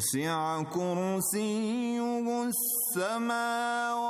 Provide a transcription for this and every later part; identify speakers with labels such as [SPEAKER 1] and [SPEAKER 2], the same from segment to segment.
[SPEAKER 1] وسع كرسيه السماوات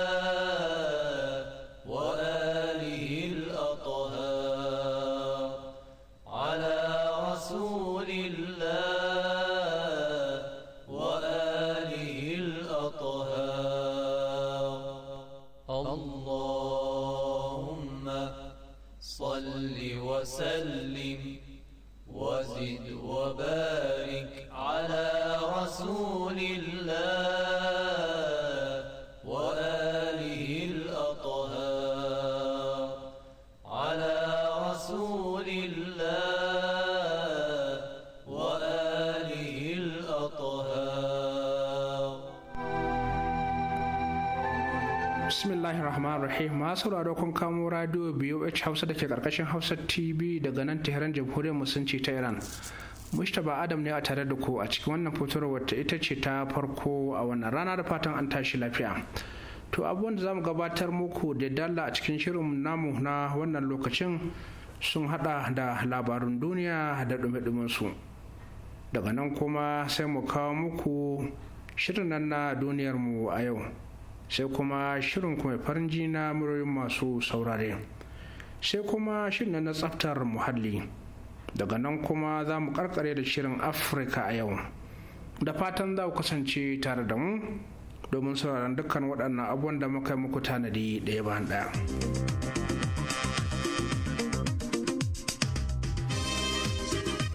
[SPEAKER 2] sauraro kun kamo radio BOH Hausa da ke karkashin Hausa TV daga nan Tehran Jamhuriyar Musulunci ta Iran. Mustapha Adam ne a tare da ku a cikin wannan fotowar wata ita ce ta farko a wannan rana da fatan an tashi lafiya. To abubuwan da zamu gabatar muku da dalla a cikin shirin namu na wannan lokacin sun hada da labarin duniya da dume su. Daga nan kuma sai mu kawo muku shirin nan na duniyarmu a yau. sai kuma shirin kuma farin jina muryoyin masu saurare sai kuma shirin na tsaftar muhalli daga nan kuma za mu karkare da shirin afirka a yau da fatan za ku kasance tare da mu domin sauraron dukkan waɗannan abubuwan da muka yi muku tanadi ɗaya bayan ɗaya.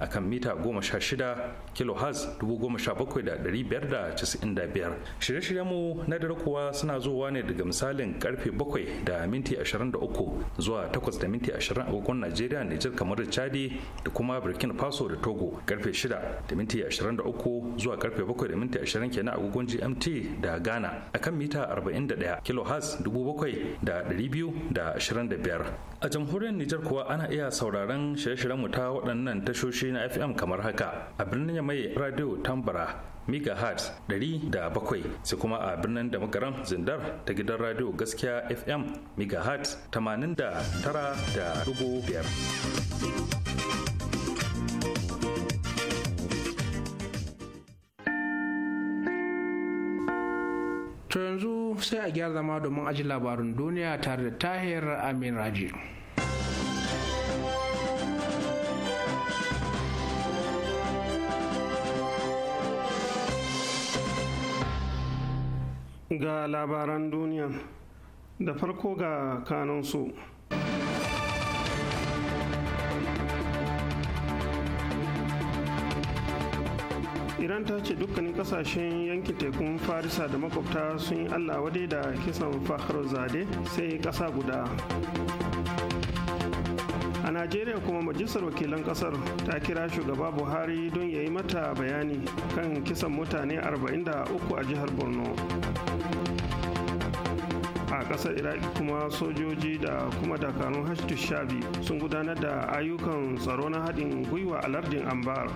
[SPEAKER 3] a kan mita 16 kilohertz 17,595 shirye-shiryen mu na dare kuwa suna zuwa ne daga misalin karfe 7 da minti 23 zuwa 8 da minti 20 agogon najeriya nijar kamar chadi da kuma burkina faso da togo karfe 6 da minti 23 zuwa karfe 7 da minti 20 kenan agogon gmt da ghana a kan mita 41 kilohertz 7,225 a jamhuriyar nijar kuwa ana iya sauraron shirye-shiryen mu ta waɗannan tashoshi tashoshi na FM kamar haka a birnin ya mai radio Tambara da bakwai sai kuma a birnin da makaram zindar ta gidan radio gaskiya fm da megahertz 89.5
[SPEAKER 2] To yanzu sai a gyara zama domin aji labarin duniya tare da tahir amin raji.
[SPEAKER 4] ga labaran duniya da farko ga kanunsu. iran ta ce dukkanin kasashen yankin tekun farisa da makwabta sun yi allah da kisan fahar zade sai kasa guda a najeriya kuma majalisar wakilan kasar ta kira shugaba buhari don ya yi mata bayani kan kisan mutane 43 a jihar borno a kasar iraki kuma sojoji da kuma dakarun hashtu shabi sun gudanar da ayyukan tsaro na haɗin gwiwa a lardin ambar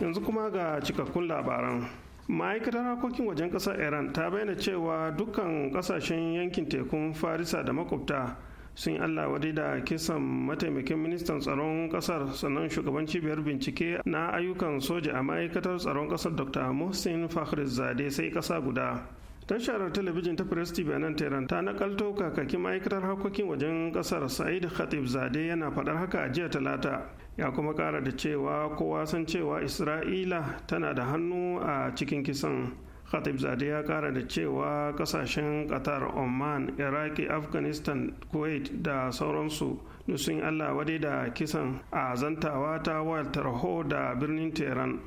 [SPEAKER 4] yanzu kuma ga cikakkun labaran ma'aikatar harkokin wajen ƙasar iran ta bayyana cewa dukkan kasashen yankin tekun farisa da makwabta sun yi allah wadai da kisan mataimakin ministan tsaron kasar sannan shugaban cibiyar bincike na ayyukan soja a ma'aikatar tsaron kasar dr mohsin Zade sai kasa guda tashar talabijin ta press tv nan tehran ta nakalto kakakin ma'aikatar harkokin wajen kasar sa'id khatib zade yana faɗar haka a jiya talata ya kuma kara da cewa kowa san cewa isra'ila tana da hannu a cikin kisan khatib zade ya kara da cewa kasashen qatar oman iraki afghanistan kuwait da sauransu da sun allah wadai da kisan a zantawa ta wayar tarho da birnin tehran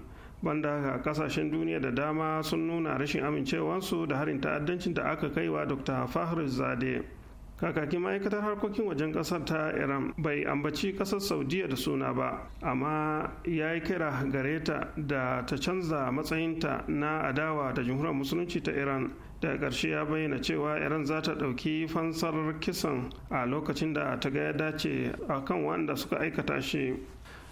[SPEAKER 4] banda ga kasashen duniya da dama sun nuna rashin amincewarsu da harin ta'addancin da aka kaiwa dr fahru zade kakakin ma'aikatar harkokin wajen kasar ta iran bai ambaci kasar saudiya da suna ba amma ya yi kira gare ta da ta canza matsayinta na adawa da jamhuriyar musulunci ta iran da ƙarshe ya bayyana cewa iran za ta ɗauki fansar kisan a lokacin da ta ga ya dace a kan wanda suka aikata shi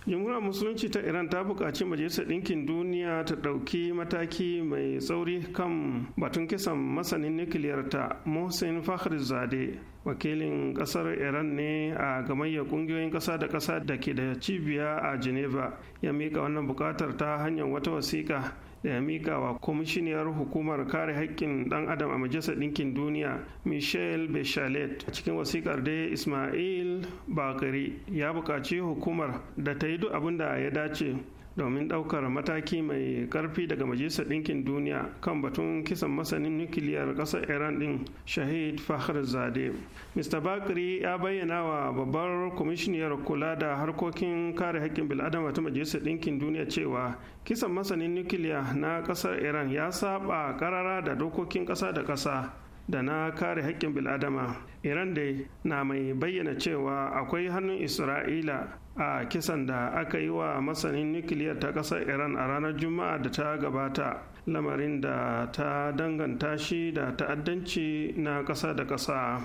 [SPEAKER 4] jamhuriyar musulunci ta iran ta buƙaci majalisar ɗinkin duniya ta ɗauki mataki mai tsauri kan batun kisan masanin nukiliyar ta mohsen fakhrizadeh wakilin kasar iran ne a gamayyar kungiyoyin kasa da kasa da ke da cibiya a geneva ya mika wannan bukatar ta hanyar wata wasiƙa da ya mika wa kwamishiniyar hukumar kare haƙƙin ɗan adam a majalisar ɗinkin duniya michelle bechalet a cikin wasiƙar da ismail bakari ya buƙaci hukumar da ta yi duk abin da ya dace domin ɗaukar mataki mai ƙarfi daga majalisar ɗinkin duniya kan batun kisan masanin nukiliyar ƙasar iran ɗin shahid fahar zade mr bakri ya bayyana wa babbar kwamishiniyar kula da harkokin kare haƙƙin bil'adama ta majalisar ɗinkin duniya cewa kisan masanin nukiliya na ƙasar iran ya saba ƙarara da dokokin ƙasa da ƙasa da na kare haƙƙin bil'adama iran dai na mai bayyana cewa akwai hannun isra'ila a kisan da aka yi wa masanin nukiliyar ta ƙasar iran a ranar juma'a da ta gabata lamarin da ta danganta shi da ta'addanci na ƙasa da ƙasa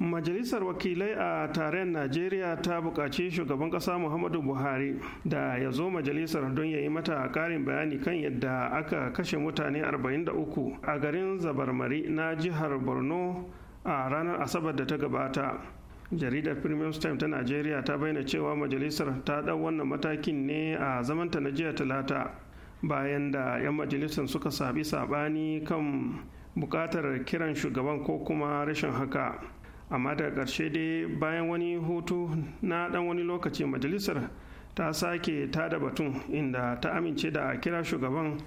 [SPEAKER 4] majalisar wakilai a tarayyar najeriya ta buƙaci shugaban ƙasa muhammadu buhari da ya zo majalisar don ya yi mata ƙarin bayani kan yadda aka kashe mutane 43 a garin zabarmari na jihar borno a ranar asabar da ta gabata jaridar premium time ta najeriya ta bayyana cewa majalisar ta ɗau wannan matakin ne a zamanta na jiya talata bayan da 'yan majalisar suka sabi sabani kan bukatar kiran shugaban ko kuma rashin haka amma da ƙarshe dai bayan wani hutu na ɗan wani lokaci majalisar ta sake ta da batun inda ta amince da kira shugaban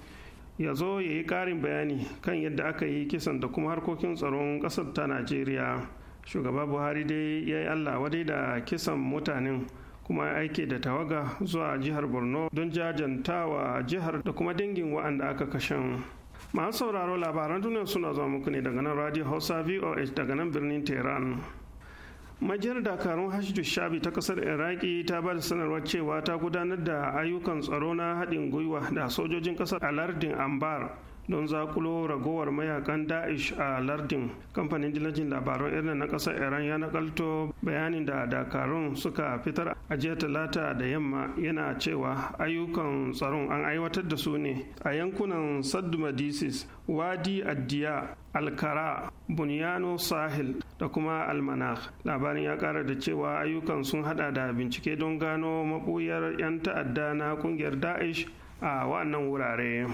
[SPEAKER 4] ya zo ya yi ƙarin bayani kan yadda aka yi kisan da kuma harkokin tsaron ƙasar ta najeriya shugaba buhari dai ya yi allah wadai da kisan mutanen kuma ya aike da tawaga zuwa jihar borno don jajantawa jihar da kuma dangin wa'anda aka kashe. masu sauraro labaran duniya suna zuwa muku ne daga nan radio hausa voh daga nan birnin tehran majiyar dakarun hashdu shabi ta kasar iraki ta ba da sanarwar cewa ta gudanar da ayyukan tsaro na haɗin gwiwa da sojojin kasar a lardin ambar don zakulo ragowar mayakan da'ish a lardin kamfanin jilajin labaran irin na ƙasar iran ya nakalto bayanin da dakarun suka fitar a jiya talata da yamma yana cewa ayyukan tsaron an aiwatar da su ne a yankunan sadmadisis wadi addiya alkara bunyano sahil da kuma almanach labarin ya kara da cewa ayyukan sun hada da bincike don gano mabuyar 'yan ta'adda na kungiyar daesh a wannan wurare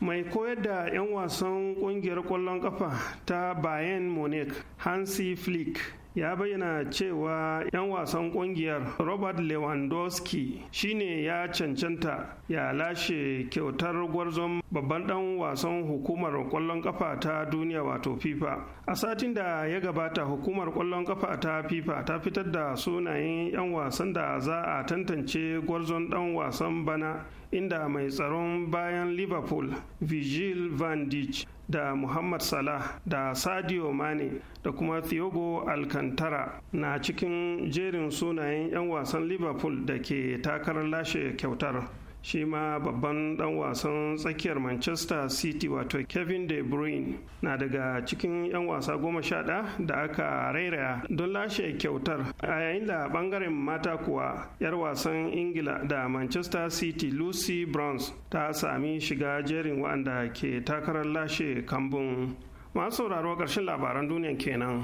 [SPEAKER 4] mai koyar da 'yan wasan kungiyar kwallon kafa ta bayern munich hansi flick ya bayyana cewa 'yan wasan kungiyar robert lewandowski shine ya cancanta ya lashe kyautar gwarzon babban dan wasan hukumar kwallon kafa ta duniya wato fifa a satin da ya gabata hukumar kwallon kafa ta fifa ta fitar da sunayen 'yan wasan da za a tantance gwarzon dan wasan bana inda mai tsaron bayan liverpool vigil van dijk da muhammad salah da sadio mane da kuma Thiago alcantara na cikin jerin sunayen 'yan wasan liverpool da ke takarar lashe kyautar shi ma babban dan wasan tsakiyar manchester city wato kevin de bruyne na daga cikin 'yan wasa goma sha ɗaya da aka rairaya don lashe kyautar a yayin da bangaren mata kuwa 'yar wasan ingila da manchester city lucy bronze ta sami shiga jerin wa'anda ke takarar lashe kambun masu sauraro ƙarshen labaran duniya kenan.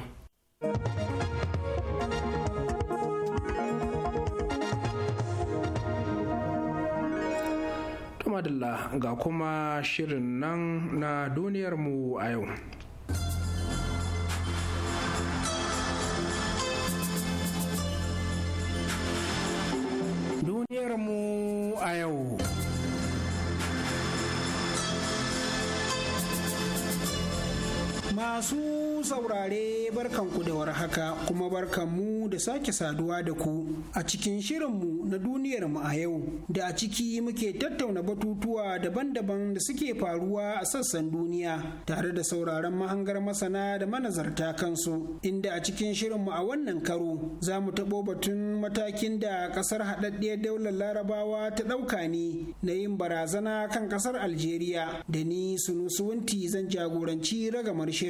[SPEAKER 2] madalla ga kuma shirin nan na duniyarmu a yau.
[SPEAKER 3] Duniyarmu a yau.
[SPEAKER 5] Masu saurare barkan ku da warhaka kuma barkan mu da sake saduwa da ku a cikin shirinmu na duniyar mu a yau da a ciki muke tattauna batutuwa daban-daban da suke faruwa a sassan duniya tare da sauraron mahangar masana da manazarta kansu inda a cikin shirinmu a wannan karo za mu taɓo batun matakin da ƙasar haɗaɗɗiyar daular larabawa ta ɗauka ne na yin barazana kan ƙasar Algeria da ni sunusuwanti zan jagoranci ragamar shirin.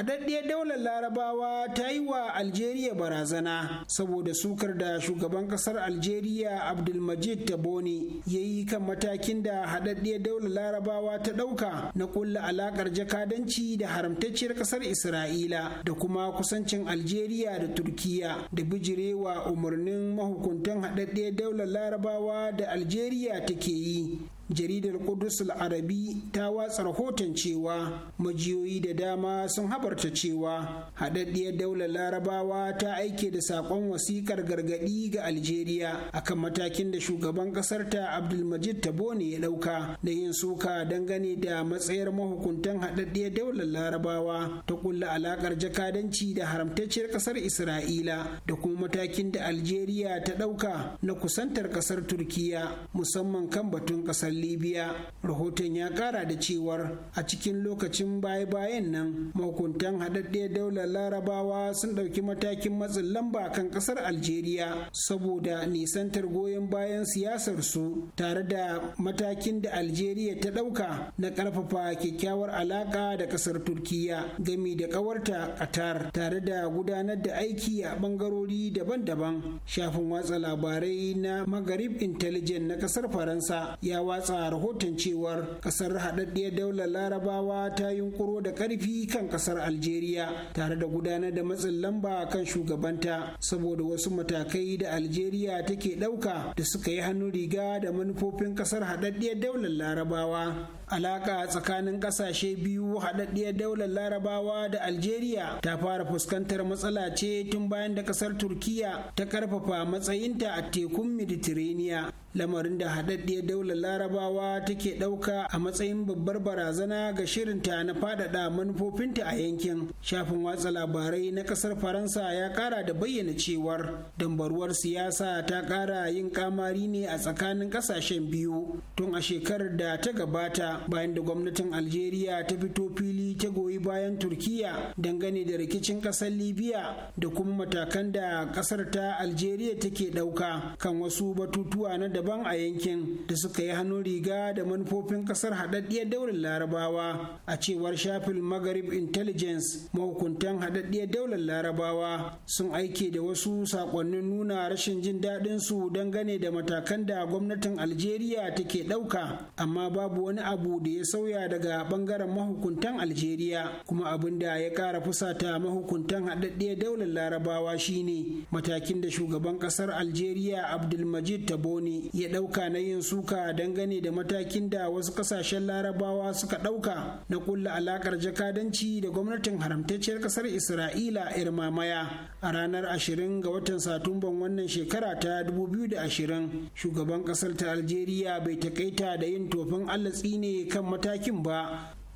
[SPEAKER 5] haɗaɗɗiyar daular larabawa ta yi wa algeria barazana saboda sukar da shugaban ƙasar algeria abdulmajid tabone ya yi kan matakin da haɗaɗɗiyar daular larabawa ta ɗauka na ƙulla alaƙar jakadanci da haramtacciyar ƙasar isra'ila da kuma kusancin algeria da turkiya da bijirewa umarnin mahukuntan haɗaɗɗiyar daular larabawa da algeria take yi jaridar kudus al-Arabi ta watsa rahoton cewa majiyoyi da dama sun habarta cewa haɗaɗɗiyar daular larabawa ta aike da saƙon wasikar gargaɗi ga Algeria akan matakin da shugaban ƙasar ta Abdulmajid Tabone ya ɗauka da yin suka dangane da matsayar mahukuntan haɗaɗɗiyar daular larabawa ta kulla alaƙar jakadanci da haramtacciyar ƙasar Isra'ila da kuma matakin da Algeria ta ɗauka na kusantar ƙasar Turkiya musamman kan batun ƙasar libya rahoton ya kara da cewar a cikin lokacin baya-bayan nan mahukuntan haɗaɗɗe daular larabawa sun ɗauki matakin matsin lamba kan ƙasar algeria saboda nisantar goyon bayan siyasar su tare da matakin da algeria ta ɗauka na ƙarfafa kyakkyawar alaƙa da ƙasar turkiyya gami da ƙawarta qatar tare da gudanar da aiki a ɓangarori daban-daban shafin watsa labarai na magarib intelligence na ƙasar faransa ya watsa watsa rahoton cewar kasar haɗaɗɗiyar daular larabawa ta yunkuro da ƙarfi kan kasar algeria tare da gudanar da matsin lamba kan shugabanta saboda wasu matakai da algeria take ɗauka da suka yi hannun riga da manufofin kasar haɗaɗɗiyar daular larabawa alaka tsakanin kasashe biyu haɗaɗɗiyar daular larabawa da algeria ta fara fuskantar matsala ce tun bayan da ƙasar turkiya ta karfafa matsayinta a tekun mediterania lamarin da haɗaɗɗiyar daular larabawa take ɗauka a matsayin babbar barazana ga shirinta na faɗaɗa manufofinta a yankin shafin watsa labarai na ƙasar faransa ya ƙara da bayyana cewar dambaruwar siyasa ta ƙara yin ƙamari ne a tsakanin ƙasashen biyu tun a shekarar da ta gabata bayan da gwamnatin algeria ta fito fili ta goyi bayan turkiya dangane da rikicin kasar libya da kuma matakan da kasar ta algeria take dauka kan wasu batutuwa na daban a yankin da suka yi hannun riga da manufofin kasar haɗaɗɗiyar daular larabawa a cewar shafin magharib intelligence mahukuntan haɗaɗɗiyar daular larabawa sun aike da wasu sakonnin nuna rashin jin daɗin su dangane da matakan da gwamnatin algeria take ɗauka amma babu wani abu abu da ya sauya daga bangaren mahukuntan Algeria kuma abin da ya kara fusata mahukuntan haɗaɗɗiyar daular larabawa shine matakin da shugaban ƙasar Algeria Abdulmajid Tabone ya ɗauka na yin suka dangane da matakin da wasu ƙasashen larabawa suka ɗauka na kulla alakar jakadanci da gwamnatin haramtacciyar ƙasar Isra'ila Irmamaya a ranar 20 ga watan Satumban wannan shekara ta 2020 shugaban ƙasar ta Algeria bai takaita da yin tofin Allah tsine kan matakin ba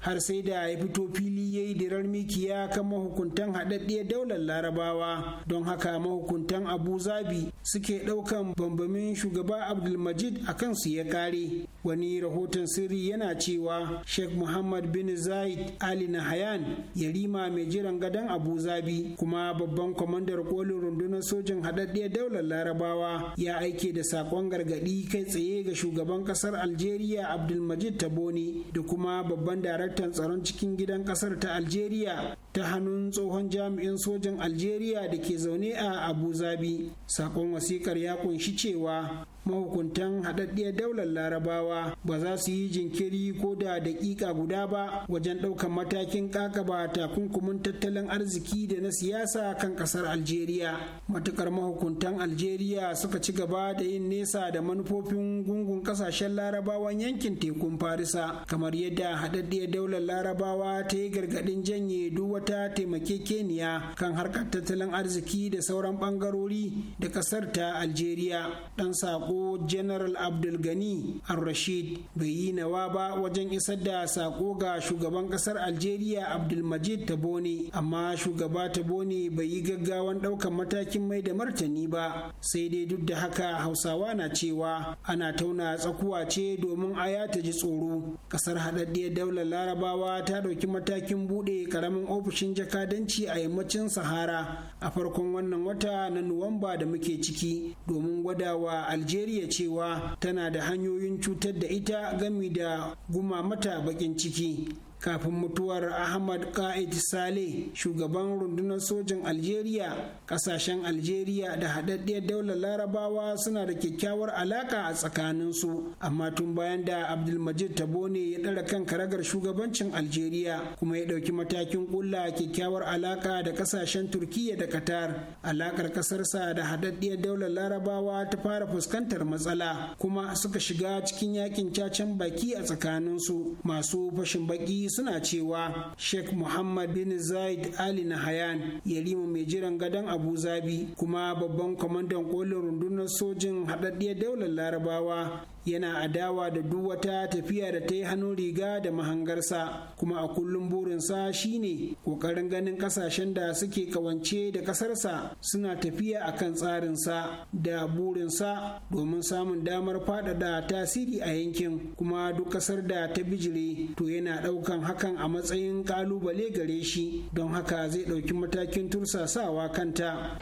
[SPEAKER 5] har sai da ya fito fili ya yi dirar mikiya kan mahukuntan hadaddiya daular larabawa don haka mahukuntan abu zabi suke ɗaukan bambamin shugaba abdulmajid a kansu ya kare wani rahoton sirri yana cewa sheikh muhammad bin zaid ali ya yarima mai jiran gadon abu zabi kuma babban kwamandar kolin rundunar sojin haɗaɗɗiyar daular larabawa ya aike da sakon gargaɗi kai tsaye ga shugaban ƙasar algeria abdulmajid taboni da kuma babban darakta halittar tsaron cikin gidan kasar ta algeria ta hannun tsohon jami'in sojan algeria da ke zaune a abu zabi sakon wasikar ya kunshi cewa mahukuntan haɗaɗɗiyar daular larabawa ba za su yi jinkiri ko da daƙiƙa guda ba wajen ɗaukan matakin ƙaƙaba takunkumin tattalin arziki da na siyasa kan ƙasar algeria matuƙar mahukuntan algeria suka ci gaba da yin nesa da manufofin gungun ƙasashen larabawan yankin tekun farisa kamar yadda haɗaɗɗiyar daular larabawa ta yi gargaɗin janye duk wata taimakekeniya kan harkar tattalin arziki da sauran bangarori da kasar ta algeria dan sako general abdulgani al-rashid bai yi nawa ba wajen isar da sako ga shugaban kasar algeria abdulmajid tabone amma shugaba tabone bai yi gaggawan daukan matakin mai da martani ba sai dai duk da haka hausawa na cewa ana tauna tsakuwa ce domin aya ta ji tsoro kasar haɗaɗɗiyar daular larabawa ta ɗauki matakin buɗe ƙaramin ofis shin jakadanci a yammacin sahara a farkon wannan wata na nuwamba da muke ciki domin gwadawa algeria cewa tana da hanyoyin cutar da ita gami da guma mata bakin ciki kafin mutuwar ahmad ka'id saleh shugaban rundunar sojin algeria kasashen algeria da haɗaɗɗiyar daular larabawa suna da kyakkyawar alaka a tsakaninsu amma tun bayan da abdulmajid tabone ya ɗara kan karagar shugabancin algeria kuma ya ɗauki matakin ƙulla kyakkyawar alaka da kasashen Turkiyya da qatar alakar ƙasarsa da haɗaɗɗiyar daular larabawa ta fara fuskantar matsala kuma suka shiga cikin yakin cacen baki a tsakaninsu masu fashin baki suna cewa sheikh muhammad bin zaid ali nahayan yalima mai jiran gadon abu zabi kuma babban kwamandan kolin rundunar sojin haɗaɗɗiyar daular larabawa yana adawa da duk wata tafiya da ta yi hannun riga da mahangarsa kuma a kullum burinsa shine kokarin ganin kasashen da suke kawance da kasarsa suna tafiya a kan tsarinsa da burinsa domin samun damar faɗaɗa tasiri a yankin kuma duk kasar da ta bijire to yana ɗaukan hakan a matsayin ƙalubale gare shi don haka zai ɗauki matakin tursasawa kanta.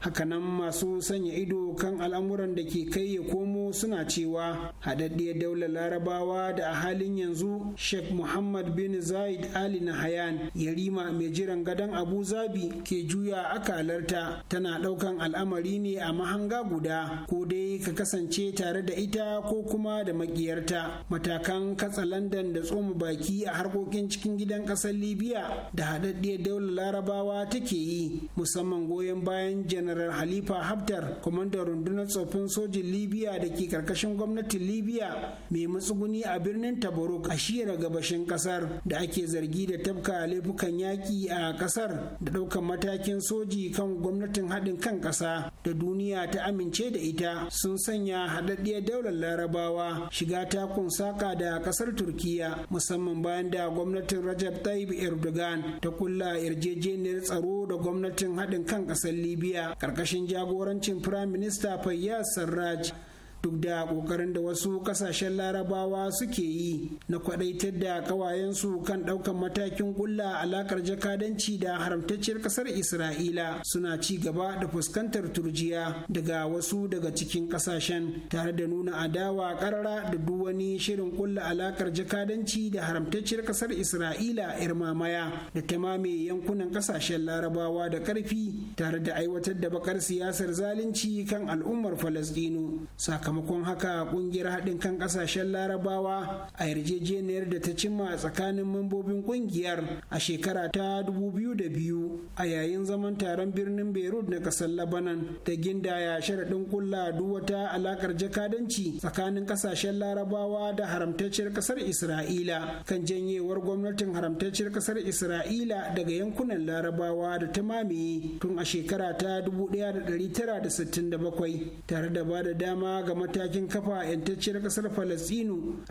[SPEAKER 5] hakanan masu sanya ido kan al'amuran da ke kai ya komo suna cewa haɗaɗɗiyar daular larabawa da a halin yanzu sheikh muhammad bin zaid ali na nahayan yarima mai jiran gadon abu zabi ke juya akalarta tana ɗaukan al'amari ne a mahanga guda ko dai ka kasance tare da ita ko kuma da makiyarta matakan katsa katsalandan da tsoma baki a harkokin cikin gidan ƙasar libya da haɗaɗɗiyar daular larabawa take yi musamman goyon bayan janar janarar halifa haftar kwamandan rundunar tsoffin sojin libya da ke karkashin gwamnatin libya mai matsuguni a birnin tabaruk a shiyar gabashin kasar da ake zargi da tafka laifukan yaƙi a kasar da ɗaukan matakin soji kan gwamnatin haɗin kan ƙasa da duniya ta amince da ita sun sanya haɗaɗɗiyar daular larabawa shiga takun saƙa da ƙasar turkiya musamman bayan da gwamnatin rajab tayyip erdogan ta kulla yarjejeniyar tsaro da gwamnatin haɗin kan ƙasar libya Karkashin jagorancin firaminista fayyaz sarraj duk da kokarin da wasu kasashen larabawa suke yi na kwadaitar da kawayensu kan daukan matakin kulla alakar jakadanci da haramtacciyar kasar isra'ila suna ci gaba da fuskantar turjiya daga wasu daga cikin kasashen tare da nuna adawa karara da duk wani shirin kulla alakar jakadanci da haramtacciyar kasar isra'ila irmamaya da ta mame yankunan kasashen larabawa da karfi tare da aiwatar da bakar siyasar zalunci kan al'ummar falasdino sakamakon haka kungiyar haɗin kan ƙasashen larabawa a yarjejeniyar da ta cimma a tsakanin mambobin kungiyar a shekara ta 2002 a yayin zaman taron birnin beirut na ƙasar labanan da gindaya sharaɗin kulla duk wata alaƙar jakadanci tsakanin ƙasashen larabawa da haramtacciyar ƙasar isra'ila kan janyewar gwamnatin haramtacciyar ƙasar isra'ila daga yankunan larabawa da ta mamaye tun a shekara ta 1967 tare da ba da dama ga matakin kafa 'yantacciyar kasar a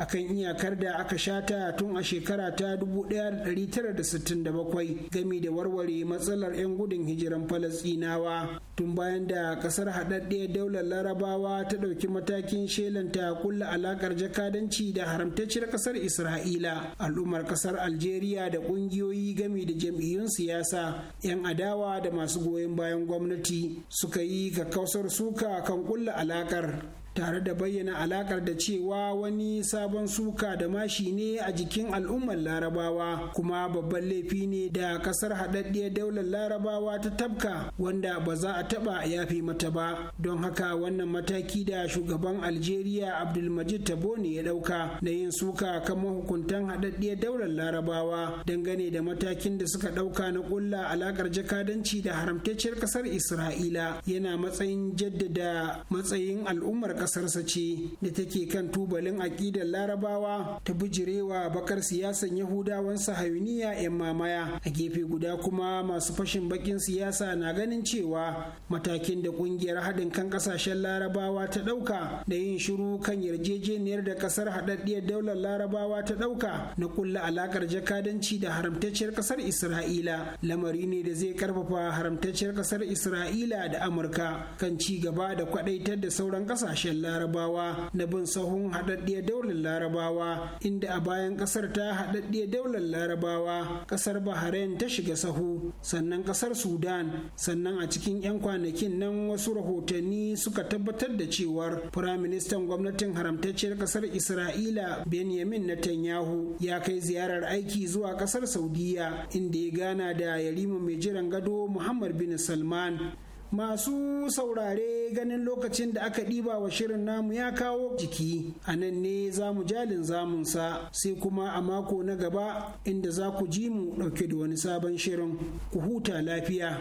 [SPEAKER 5] kan iyakar da aka shata tun a shekara ta 1967 gami da warware matsalar 'yan gudun hijiran falasinawa tun bayan da kasar haɗaɗɗiyar daular larabawa ta ɗauki matakin shelanta kulla alakar jakadanci da haramtacciyar kasar isra'ila al'ummar kasar algeria da ƙungiyoyi gami da jam'iyyun siyasa 'yan adawa da masu goyon bayan gwamnati suka yi kakkausar suka kan kulla alakar tare da bayyana alakar da cewa wani sabon suka da mashi ne a jikin al'ummar larabawa kuma babban laifi ne da kasar haɗaɗɗiyar daular larabawa ta tabka wanda ba za a taɓa yafe mata ba don haka wannan mataki da shugaban algeria abdulmajid tabo ya ɗauka na yin suka kan mahukuntan haɗaɗɗiyar daular larabawa dangane da matakin da suka ɗauka na ƙulla alakar jakadanci da haramtacciyar kasar isra'ila yana matsayin jaddada matsayin al'ummar ƙasarsa ce da take kan tubalin aƙidar larabawa ta bijirewa bakar siyasan yahudawan sahayuniya 'yan mamaya a gefe guda kuma masu fashin bakin siyasa na ganin cewa matakin da ƙungiyar haɗin kan ƙasashen larabawa ta ɗauka da yin shiru kan yarjejeniyar da ƙasar haɗaɗɗiyar daular larabawa ta ɗauka na kulla alaƙar jakadanci da haramtacciyar ƙasar isra'ila lamari ne da zai karfafa haramtacciyar ƙasar isra'ila da amurka kan ci gaba da kwaɗaitar da sauran ƙasashen kasashen larabawa na bin sahun haɗaɗɗiyar daular larabawa inda a bayan ƙasar ta haɗaɗɗiyar daular larabawa ƙasar bahrain ta shiga sahu sannan ƙasar sudan sannan a cikin 'yan kwanakin nan wasu rahotanni suka tabbatar da cewar firaministan gwamnatin haramtacciyar ƙasar isra'ila benjamin netanyahu ya kai ziyarar aiki zuwa ƙasar saudiya inda ya gana da yarima mai jiran gado muhammad bin salman Masu saurare ganin lokacin da aka ɗiba wa shirin namu ya kawo jiki, a nan ne za mu jalin zamunsa sai kuma a mako na gaba inda za ku ji mu ɗauke da wani sabon shirin ku huta lafiya.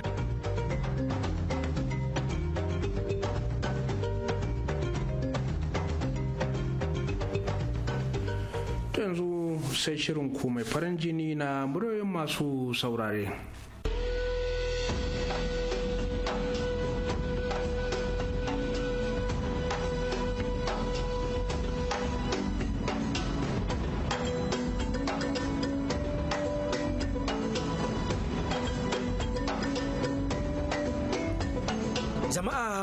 [SPEAKER 2] yanzu sai shirin ku mai farin jini na muryoyin masu saurare.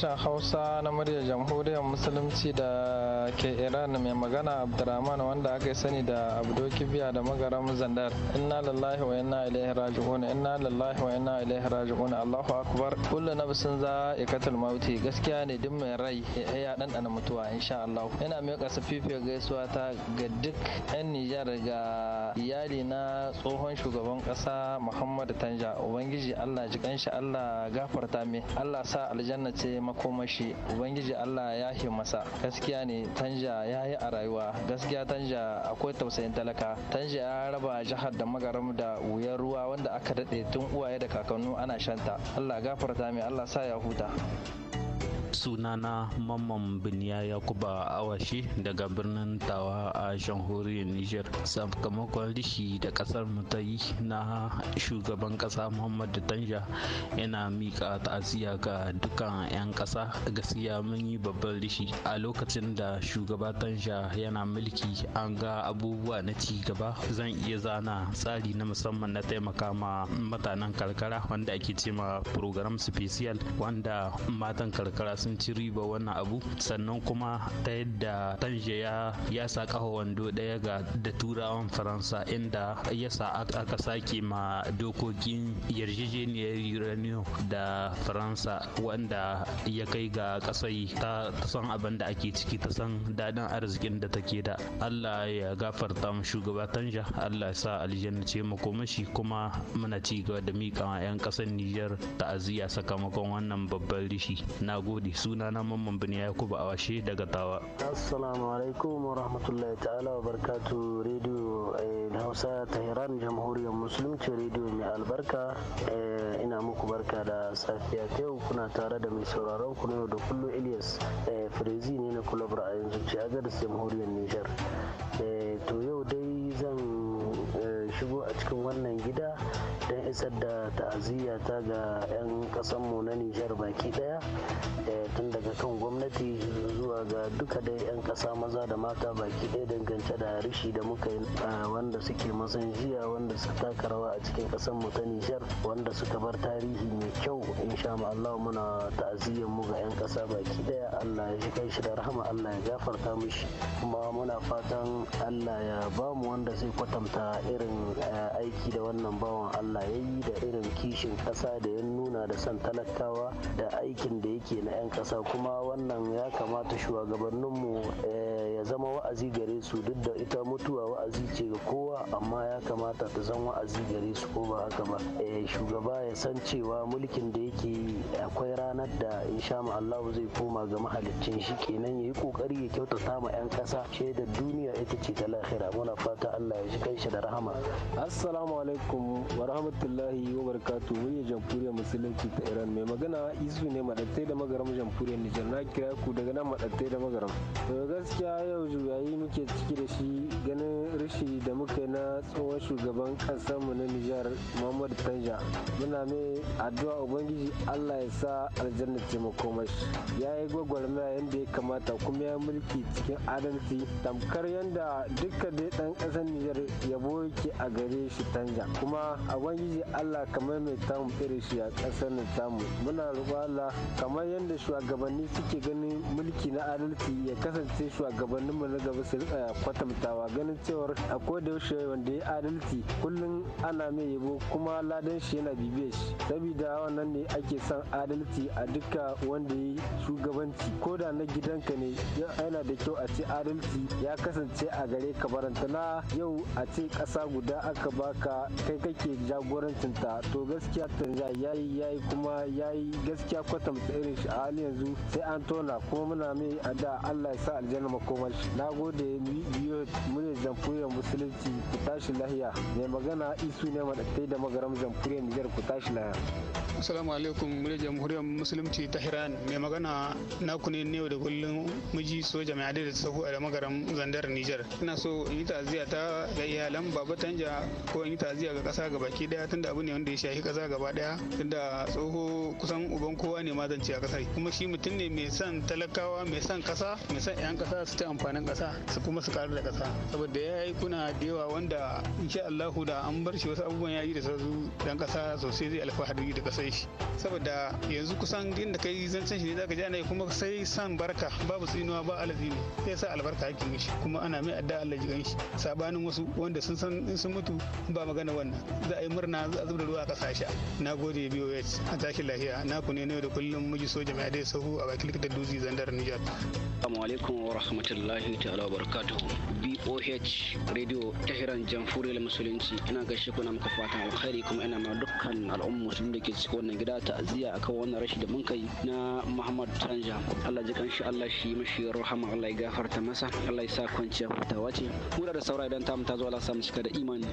[SPEAKER 6] sashen hausa na muryar jamhuriyar musulunci da ke iran mai magana abdurrahman wanda aka sani da abdoki biya da magaram zandar inna lallahi wa inna ilaihi raji'un inna lallahi wa inna ilaihi raji'un allahu akbar kullu nafsin za'ikatul mauti gaskiya ne duk mai rai ya dan mutuwa insha Allah ina mai kasa fifiya gaisuwa ta ga duk yan Nijar ga iyali na tsohon shugaban kasa Muhammadu Tanja ubangiji Allah ji kanshi Allah gafarta mai Allah sa aljanna ce makomashi ubangiji allah ya shi masa gaskiya ne tanja ya yi a rayuwa gaskiya tanja akwai tausayin talaka tanja ya raba jihar da magaram da wuyar ruwa wanda aka daɗe tun uwaye da kakannu ana shanta allah gafarta mai allah sa ya huta
[SPEAKER 7] sunana mamman biniya yakuba awashi daga birnin tawa a jamhuriyar niger sakamakon rishi da kasar mu ta yi na shugaban kasa muhammadu tanja yana mika ta'aziyya ga dukkan 'yan kasa gaskiya mun yi babban rishi a lokacin da shugaba tanja yana mulki an ga abubuwa na cigaba, zan iya zana tsari na musamman na taimaka ma mutanen karkara wanda ake ce ma program special wanda matan karkara sun ci riba wannan abu sannan kuma ta yadda tanje ya ya sa kafa wando daya ga da turawan faransa inda ya sa aka sake ma dokokin yarjejeniyar uranium da faransa wanda ya kai ga kasai ta san abin da ake ciki ta san daɗin arzikin da take da allah ya gafarta mu shugaba tanja allah ya sa aljanna ce makomashi kuma muna ci gaba da mika 'yan ƙasar niger ta'aziyya sakamakon wannan babban rishi na gode alkhairi suna na mamman bin yakubu washe daga tawa
[SPEAKER 8] assalamu alaikum wa rahmatullahi ta'ala wa barkatu radio eh, hausa ta iran jamhuriyar musulunci rediyo mai albarka eh, ina muku barka da safiya ta yau kuna tare da mai sauraron ku yau da kullu ilyas eh, frezi ne na kulabra a yanzu ce a jamhuriyar nijar to yau dai zan shigo a cikin wannan gida don isar da ta'aziyya ta ga 'yan kasanmu na nijar baki daya tun daga kan gwamnati zuwa ga duka dai 'yan kasa maza da mata baki ɗaya dangance da rishi da muka yi wanda suke masan jiya wanda suka taka rawa a cikin ƙasar mu ta Nijar wanda suka bar tarihi mai kyau insha Allah muna ta'aziyyar mu ga 'yan kasa baki ɗaya Allah ya shi kai shi da rahama Allah ya gafarta mishi kuma muna fatan Allah ya ba mu wanda zai kwatanta irin aiki da wannan bawan Allah ya yi da irin kishin ƙasa da yan yana da son talakawa da aikin da yake na 'yan kasa kuma wannan ya kamata shugabanninmu eh, ya zama wa'azi gare su duk da ita mutuwa wa'azi ce ga kowa amma ya kamata ta zan wa'azi gare su ko ba haka ba eh, shugaba ya san cewa mulkin da yake akwai ranar da in insha Allah zai koma ga mahalicin shi kenan yayi yi kokari ya kyautata ma 'yan kasa da duniya ita ce ta lahira muna fata Allah ya shi kai shi da rahama
[SPEAKER 9] assalamu alaikum wa rahmatullahi wa barakatuhu jamhuriyar musulmi musulunci iran mai magana isu ne madattai da magaram jamhuriyar nijar na kira ku daga nan madattai da magaram daga gaskiya yau juyayi muke ciki da shi ganin rishi da muka yi na tsohon shugaban mu na nijar muhammadu tanja muna mai addu'a ubangiji allah ya sa aljanna ce makomashi ya yi gwagwarmaya yadda ya kamata kuma ya mulki cikin adalci tamkar yanda duka dai ɗan kasar nijar yabo yake a gare shi tanja kuma ubangiji allah kamar mai tamu irin shi a ƙasa sanin samu tamu muna roƙon Allah kamar yadda shugabanni suke ganin mulki na adalci ya kasance shugabannin mu na gaba su rika kwatantawa ganin cewar a da yaushe wanda ya adalci kullum ana mai yabo kuma ladan shi yana bibiye shi saboda wannan ne ake son adalci a duka wanda ya shugabanci ko da na gidanka ne yana da kyau a ce adalci ya kasance a gare ka barantana yau a ce kasa guda aka baka kai kake jagorancinta to gaskiya tanja yayi yayi kuma yayi yi gaskiya kwatanta irin shi a hali yanzu sai an tona kuma muna mai ada Allah ya sa aljanna makomar shi na gode biyo mune zamfuriya musulunci ku tashi lahiya mai magana isu ne madatai da magaram zamfuriya Nijar ku tashi lahiya
[SPEAKER 10] Assalamu alaikum mune jamhuriyar musulunci ta hiran mai magana naku ne ne da kullum miji soja mai adai da sahu a magaram zandar Nijar ina so in yi ta'aziyya ta ga iyalan baba tanja ko in yi ta'aziyya ga kasa gabaki daya tunda abu ne wanda ya shafi kasa gaba daya tunda tsoho kusan uban kowa ne ma zan ce a kasar kuma shi mutum ne mai son talakawa mai son kasa mai son 'yan kasa su ci amfanin kasa su kuma su karu da kasa saboda ya yi kuna da yawa wanda insha Allahu da an bar shi wasu abubuwan ya yi da sauzu dan kasa sosai zai alfahari da kasar shi saboda yanzu kusan inda kai zancen shi ne zaka ji ana kuma sai san barka babu tsinuwa ba alazi sai sa albarka yake mishi kuma ana mai adda Allah ji ganshi sabanin wasu wanda sun san in sun mutu ba magana wannan za a yi murna za a zubda ruwa a kasashe nagode biyo ya a tashi lahiya na ku ne da kullum muji soja mai dai sahu a bakin likita duzi zandar Nijar.
[SPEAKER 11] Assalamu alaikum wa rahmatullahi ta'ala wa barakatuhu. BOH Radio jamfuri Jamhuriyar Musulunci ina gaishe kuna muka fatan alkhairi kuma ina ma dukkan al'umma musulmi da ke cikin wannan gida ta'aziyya akan wannan rashi da mun kai na Muhammad Tanja. Allah ji kanshi Allah shi mashi rahama Allah ya gafarta masa Allah ya sa kwanciya hutawa ce. Mu da saura idan ta mu ta zo Allah sa mu cika da imani.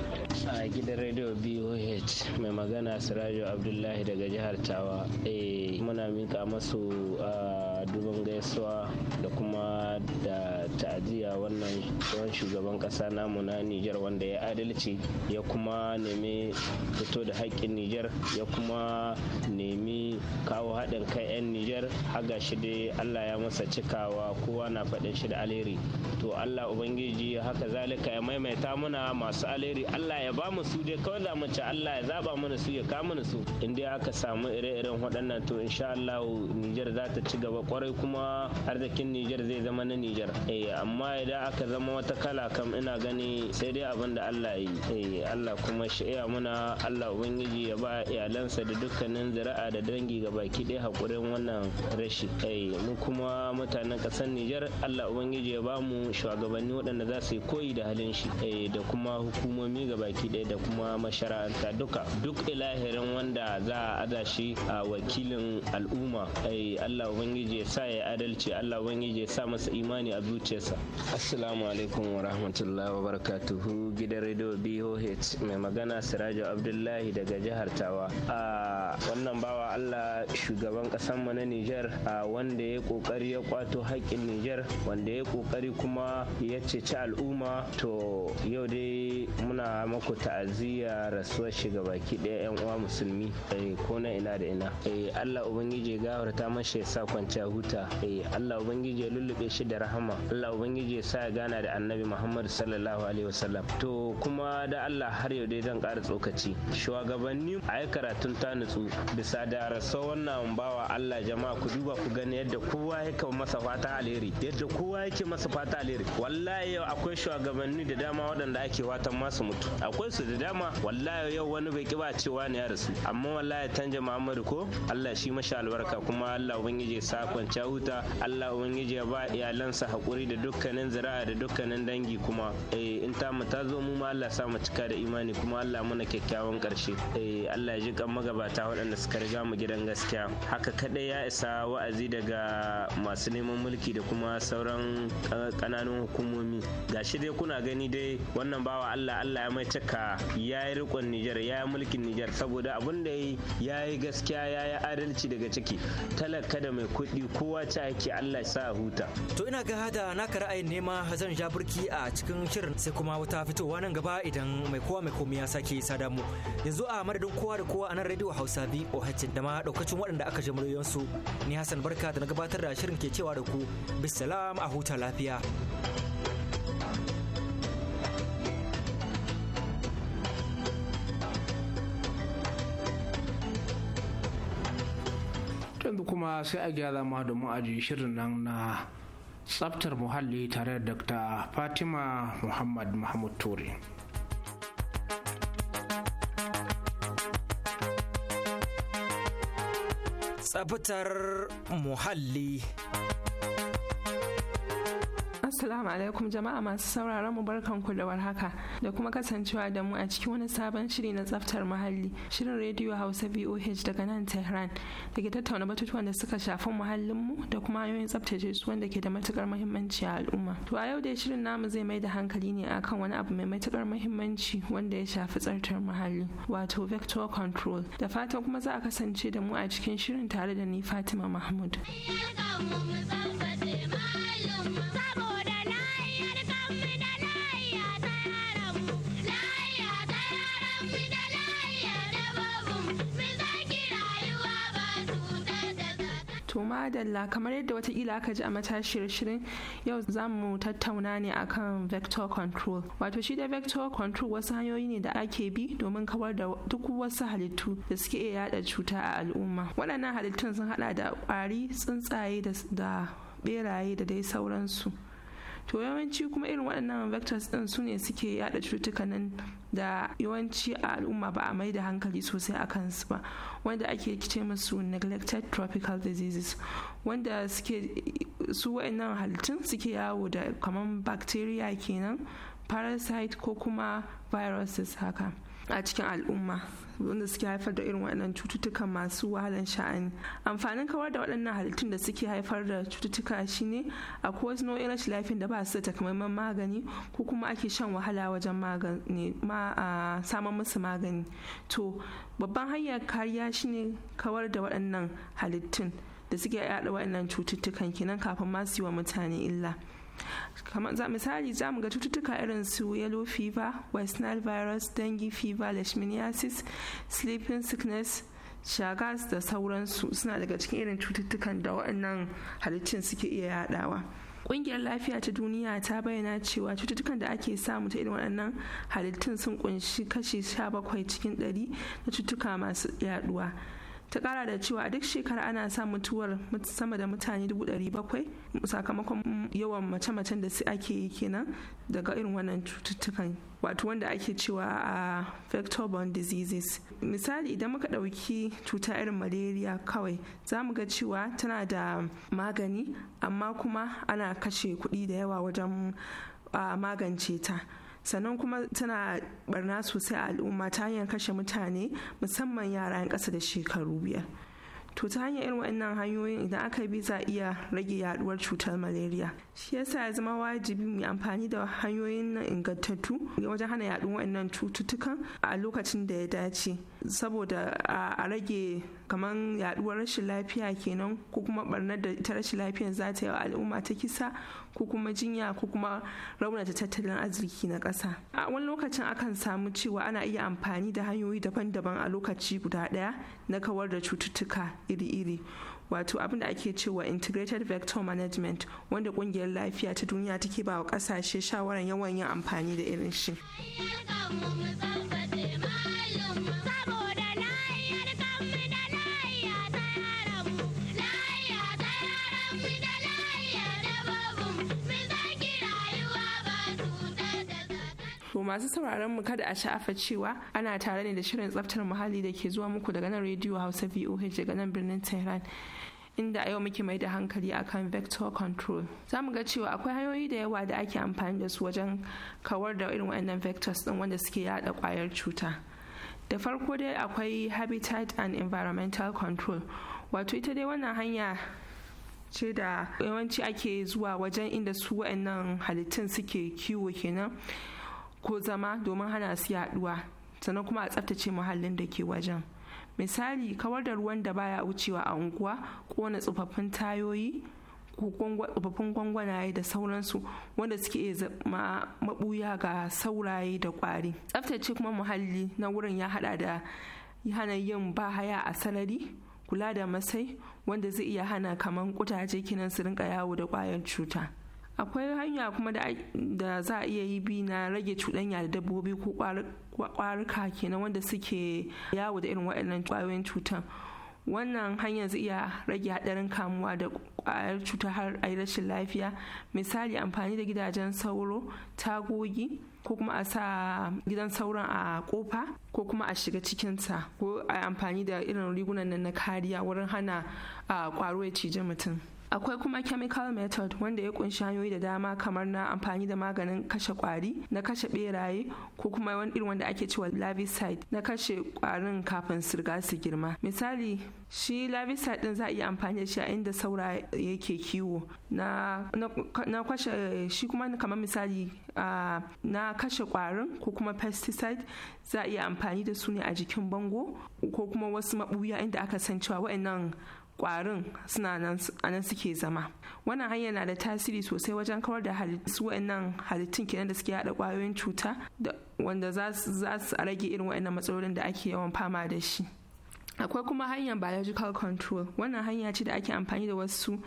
[SPEAKER 11] A gidan Radio BOH mai magana Sirajo Abdullahi daga da jihar tawa eh muna mika masu a duban gaisuwa da kuma da ta'aziyya wannan tsohon shugaban kasa namu na nijar wanda ya adalci ya kuma nemi fito da haƙƙin nijar ya kuma nemi kawo haɗin kai 'yan nijar haga shi dai allah ya masa cikawa kowa na faɗin shi da alheri to allah ubangiji haka zalika ya maimaita muna masu alheri allah ya ba mu su dai kawai za mu ci allah ya zaba mana su ya ka mana su in dai aka samu ire-iren waɗannan to insha allah nijar za ta ci gaba kwarai kuma arzikin nijar zai zama na nijar eh amma idan aka zama wata kala kam ina gani sai dai abin da allah ya yi eh, allah kuma shi'a muna allah ubangiji ya ba iyalansa da dukkanin zira'a da dangi ga baki dai haƙurin wannan rashi kai mu kuma mutanen ƙasar Nijar Allah ubangiji ya bamu shugabanni waɗanda za su yi koyi da halin shi eh, da kuma hukumomi ga baki ɗaya da kuma mashara'anta duka duk ilahirin wanda za a ada shi a wakilin al'umma eh, Allah ubangiji ya sa ya adalci Allah ubangiji ya sa masa imani a zuciyarsa assalamu alaikum wa rahmatullahi wa barakatuhu gidan radio BOH mai magana Siraju Abdullahi daga jihar Tawa a ah, wannan bawa Allah shugaban kasan mu na Nijar wanda ya kokari ya kwato haƙƙin Nijar wanda ya kokari kuma ya ci al'umma to yau dai muna maku ta'aziyya rasuwar baki ɗaya 'yan uwa musulmi eh, ko na ina da ina eh, Allah ubangiji ya gafarta mashi ya sa kwanciya huta eh, Allah ubangiji ya lullube shi da rahama Allah ubangiji ya sa ya gana da annabi Muhammad sallallahu alaihi wasallam to kuma da Allah har yau dai zan ƙara tsokaci shugabanni a yi karatun ta nutsu bisa da rasuwar wannan bawa Allah jama'a ku duba ku gani yadda kowa yake masa fata alheri yadda kowa yake masa fata alheri wallahi yau akwai shugabanni da dama waɗanda ake watan masu mutu akwai su da dama wallahi yau wani bai kiba cewa ne ya rasu amma wallahi tanja Muhammadu ko Allah shi masha albarka kuma Allah ubangiji ya sa kwanciya huta Allah ubangiji ya ba iyalansa hakuri da dukkanin zira'a da dukkanin dangi kuma eh in ta mu zo mu ma Allah sa mu cika da imani kuma Allah muna kyakkyawan karshe eh Allah ya ji kan magabata waɗanda suka riga mu gidan gaskiya haka kadai ya isa wa'azi daga masu neman mulki da kuma sauran kananun hukumomi ga shi dai kuna gani dai wannan bawa Allah Allah ya mai cika ya yi rikon Nijar ya yi mulkin Nijar saboda abin da ya yi gaskiya ya yi adalci daga ciki talaka da mai kuɗi kowa ta yake Allah ya sa huta
[SPEAKER 12] to ina ga hada na naka ra'ayin nema zan ja burki a cikin shirin sai kuma wata fitowa nan gaba idan mai kowa mai komai ya sake sadamu yanzu a madadin kowa da kowa a nan radio Hausa bi OH da ma daukacin waɗanda aka ji muryoyinsu ni hassan barka da na gabatar da shirin ke cewa da ku bisalam a huta lafiya
[SPEAKER 2] yanzu kuma sai a gyara ma domin aji shirin nan na tsaftar muhalli tare da dr fatima muhammad mahmud
[SPEAKER 12] ture tsabtar muhalli.
[SPEAKER 13] Assalamu alaikum jama'a masu sauraron mu ku da warhaka da kuma kasancewa da mu a cikin wani sabon shiri na tsaftar muhalli shirin rediyo Hausa B.O.H daga nan Tehran da ke tattauna batutuwan da suka shafi muhallin mu da kuma hanyoyin tsaftace su wanda ke da matukar muhimmanci a al'umma. To a yau dai shirin namu zai mai da hankali ne akan wani abu mai matukar muhimmanci wanda ya shafi tsartar muhalli wato vector control da fatan kuma za a kasance da mu a cikin shirin tare da ni Fatima Mahmud. To madalla kamar yadda watakila aka ji a matashiyar shirin yau za mu tattauna ne akan vector control. Wato shi da vector control wasu hanyoyi ne da ake bi domin kawar da duk wasu halittu da suke iya yada cuta a al'umma. Waɗannan halittun sun hada da ƙwari, tsuntsaye da beraye da dai sauransu. to yawanci kuma irin waɗannan vectors ɗin su ne suke yada cutukan nan da yawanci a al'umma ba a mai da hankali sosai a kansu ba wanda ake kice musu neglected tropical diseases wanda suke su wa'annan halittun suke yawo da kamar bacteria kenan parasite ko kuma viruses haka a cikin al'umma wanda suke haifar da irin waɗannan cututtuka masu wahalan sha'ani amfanin kawar da waɗannan halittun da suke haifar da cututtuka shine a wasu nau'in rashin lafiyar da ba su da takamaiman magani ko kuma ake shan wahala wajen magani ma a samun musu magani to babban hanyar kariya shine kawar da waɗannan halittun da suke yaɗa waɗannan cututtukan kenan kafin ma su yi wa mutane illa kamar za misali za mu ga cututtuka irin su yellow fever west nile virus dengue fever leishmaniasis sleeping sickness shagas da sauransu suna daga cikin irin cututtukan da waɗannan halittun suke iya yadawa Ƙungiyar lafiya ta duniya ta bayyana cewa cututtukan da ake samu ta irin waɗannan halittun sun kunshi kashi 17 cikin 100 na cututtuka masu yaduwa ta kara da cewa a duk shekara ana sa mutuwar sama da mutane 700 sakamakon yawan mace-macen da ake yi kenan daga irin wannan cututtukan wato wanda ake cewa a vector borne diseases misali idan muka ɗauki cuta irin malaria kawai za mu ga cewa tana da magani amma kuma ana kashe kuɗi da yawa wajen magance ta sannan kuma tana barna sosai a al'umma ta hanyar kashe mutane musamman yara 'yan ƙasa da shekaru biyar to ta hanyar irin wannan hanyoyin idan aka bi za iya rage yaduwar cutar malaria shi yasa ya zama wajibi mu amfani da hanyoyin nan ingantattu wajen hana yaduwar wa'annan cututtukan a lokacin da ya dace saboda a rage kamar yaduwar rashin lafiya kenan ko kuma barnar da ita rashin lafiyar za ta yi wa al'umma ta kisa ko kuma jinya ko kuma raunata tattalin arziki na ƙasa a wani lokacin akan samu cewa ana iya amfani da hanyoyi daban-daban a lokaci guda ɗaya na kawar da cututtuka iri-iri wato abin da ake cewa integrated vector management wanda kungiyar lafiya ta duniya take ba wa kasashe shawarar yawan yin amfani da irin shi masu sauraron mu kada a sha'afa cewa ana tare ne da shirin tsaftar muhalli da ke zuwa muku daga nan rediyo Hausa VOH daga nan birnin Tehran. inda a yau muke mai da hankali akan vector control za mu ga cewa akwai hanyoyi da yawa da ake amfani da su wajen kawar da irin wannan vectors din wanda suke yada kwayar cuta da farko dai akwai habitat and environmental control wato ita dai wannan hanya ce da yawanci ake zuwa wajen inda su wa'annan halittun suke kiwo kenan ko zama domin hana su yaduwa sannan kuma a tsaftace muhallin da ke wajen misali kawar da ruwan da baya wucewa a unguwa kona tsofaffin tayoyi tsofaffin gwangwanaye da sauransu wanda suke iya zama mabuya ga sauraye da kwari tsaftace kuma muhalli na wurin ya hada da hana yin bahaya a sarari kula da masai wanda zai iya hana kaman kutaje kinan su rinka yawo da kwayar cuta akwai hanya kuma da za a iya yi bi na rage cuɗanya da dabbobi ko kwaruka kenan wanda suke yawo da irin waɗannan kwayoyin cutan wannan hanyar zai iya rage haɗarin kamuwa da kwayar cuta har a rashin lafiya misali amfani da gidajen sauro tagogi ko kuma a sa gidan sauron a kofa ko kuma a shiga cikinsa ko a amfani da irin rigunan nan na kariya wurin hana kwaro ah, ya cije mutum akwai kuma chemical method wanda ya kunshi hanyoyi da dama kamar na amfani da maganin kashe kwari na kashe beraye ko kuma wani irin wanda ake cewa larvicide na kashe kwarin kafin su riga su girma misali shi larvicide din za a iya amfani da shi a inda saura yake kiwo na na kashe shi kuma kamar misali na kashe kwarin ko kuma pesticide za a iya amfani da su ne a jikin bango ko kuma wasu mabuya inda aka san cewa waɗannan kwarin suna nan suke zama wannan hanya na da tasiri sosai wajen kawar da su wayannan halittun kenan da suke hada kwayoyin cuta wanda za su rage irin wayannan matsalolin da ake yawan fama da shi akwai kuma hanyar biological control wannan hanya ce da ake amfani da wasu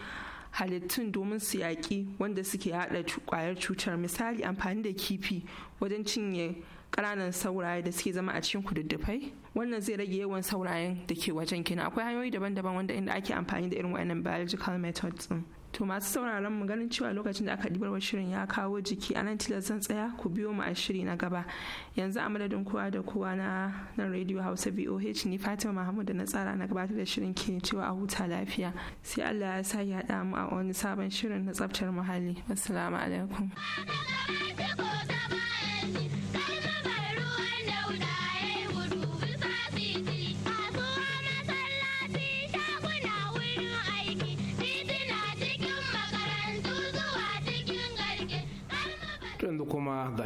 [SPEAKER 13] halittun domin su yaƙi wanda suke hada kwayar cutar misali amfani da kifi wajen cinye ƙananan sauraye da suke zama a cikin kududdufai wannan zai rage yawan saurayen da ke wajen kina akwai hanyoyi daban-daban wanda inda ake amfani da irin waɗannan biological methods din to masu sauraron mu ganin cewa lokacin da aka dibar shirin ya kawo jiki anan tilas zan tsaya ku biyo mu a shiri na gaba yanzu a madadin kowa da kowa na nan radio hausa voh ni fatima mahmud da na tsara na gabatar da shirin ke cewa a huta lafiya sai allah ya sa ya haɗa mu a wani sabon shirin na tsaftar muhalli assalamu alaikum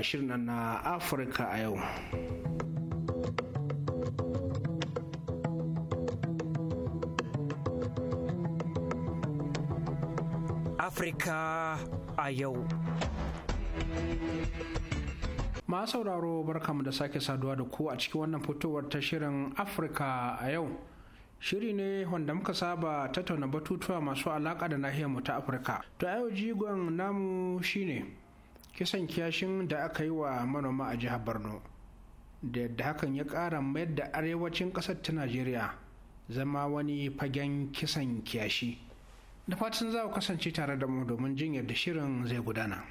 [SPEAKER 2] shirin nan na Afirka a yau.
[SPEAKER 12] Afirka a yau. Ma
[SPEAKER 2] sauraro barkamu da sake saduwa da ku a cikin wannan fitowar ta shirin Afirka a yau. shiri ne wanda muka saba tattauna batutuwa masu alaƙa da mu ta afirka to yau jigon namu shine kisan kiyashin da aka yi wa manoma a jihar borno da yadda hakan ya ƙara mayar da arewacin ƙasar ta najeriya zama wani fagen kisan kiyashi da fatan za ku kasance tare da mu domin jin yadda shirin zai gudana.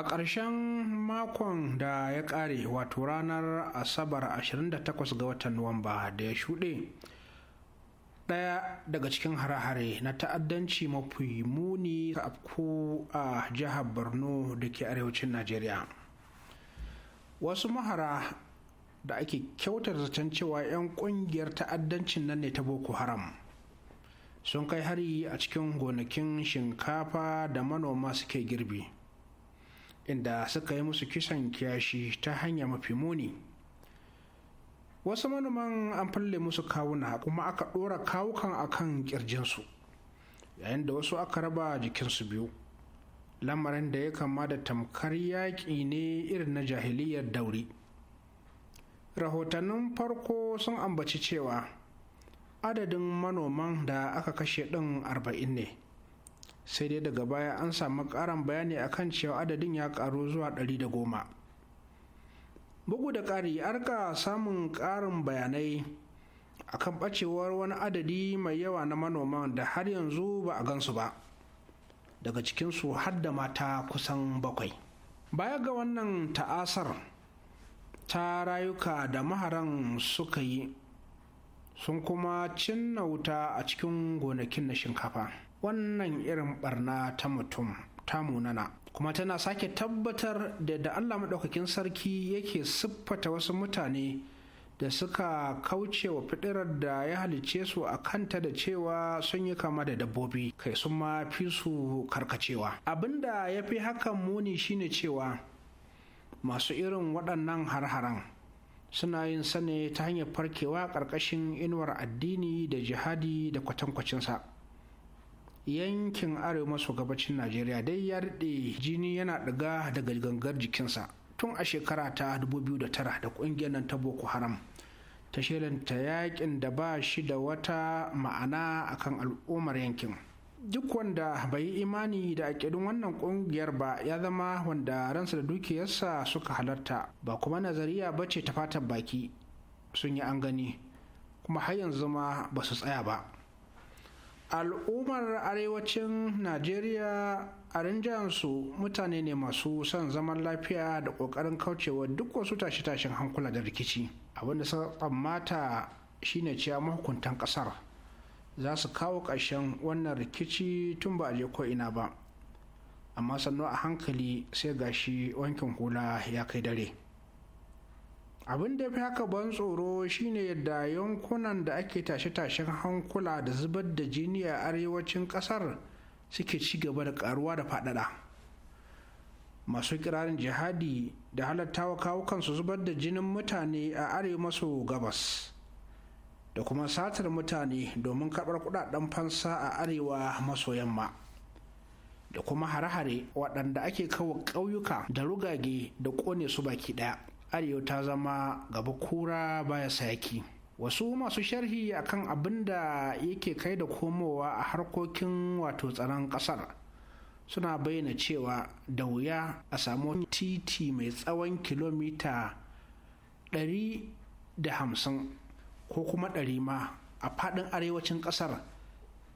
[SPEAKER 2] a ƙarshen makon da ya ƙare wato ranar asabar 28 ga watan nuwamba da ya shuɗe ɗaya daga cikin hare-hare na ta'addanci mafi muni afko a jihar borno da ke arewacin najeriya wasu mahara da ake kyautar zaton cewa 'yan ƙungiyar ta'addancin nan ne ta boko haram sun kai hari a cikin gonakin shinkafa da manoma suke girbi inda suka yi musu kisan kiyashi ta hanya mafi muni wasu manoman an falle musu kawuna kuma aka ɗora kawukan a kan kirjinsu yayin da wasu aka raba jikinsu biyu lamarin da ya kama da tamkar yaƙi ne irin na jahiliyar dauri rahotannin farko sun ambaci cewa adadin manoman da aka kashe ɗin arba'in ne sai dai daga baya an samu karan bayani akan cewa adadin ya karu zuwa ɗari da goma. bugu da ƙari arka samun ƙarin bayanai akan ɓacewar wani adadi mai yawa na manoman da har yanzu ba a gansu ba daga cikinsu har da mata kusan bakwai baya ga wannan ta'asar ta rayuka da maharan suka yi sun kuma cinna wuta a cikin gonakin na shinkafa wannan irin barna ta mutum ta munana kuma tana sake tabbatar da da allah maɗaukakin sarki yake siffata wasu mutane da suka kauce wa fiɗirar da ya halice su a kanta da cewa sun yi kama da dabbobi kai sun ma fi su karkacewa abinda ya fi hakan muni shine cewa masu irin waɗannan har-haren suna yin sane ta hanyar farkewa ƙarƙashin inuwar addini da jihadi da kwatankwacinsa yankin arewa maso gabacin najeriya dai ya daɗe jini yana ɗiga daga gangar jikinsa tun a shekara ta 2009 da ƙungiyar nan ta boko haram ta shirinta yakin da ba shi da wata ma'ana akan al'ummar yankin duk wanda bai yi imani da aƙidun wannan ƙungiyar ba ya zama wanda ransa da dukiyarsa suka halarta ba kuma nazariya ba ce ta fatan baki sun yi an gani kuma har yanzu ma ba su tsaya ba al'ummar arewacin najeriya a rinjayensu mutane ne masu son zaman lafiya da ƙoƙarin kaucewa duk wasu tashe-tashen hankula da rikici abinda suka tsammata shine cewa mahukuntan ƙasar za su kawo ƙarshen wannan rikici tun ba a je ina ba amma sannu a hankali sai gashi wankin hula ya kai dare abin da fi haka ban tsoro shine yadda yankunan da ake tashe-tashen hankula da zubar da jini a arewacin kasar suke ci gaba da karuwa da faɗaɗa masu kirarin jihadi da halattawa kawo kansu zubar da jinin mutane a arewa maso gabas da kuma satar mutane domin karɓar kudaden fansa a arewa maso yamma da kuma hare-hare waɗanda ake kawo ƙauyuka da rugage da ƙone su baki ɗaya arewa ta zama gaba kura baya saki wasu masu sharhi akan abin da yake kai da komowa a harkokin wato tsaron kasar suna bayyana cewa da wuya a samu titi mai tsawon kilomita 150 ko kuma 100 ma a faɗin arewacin kasar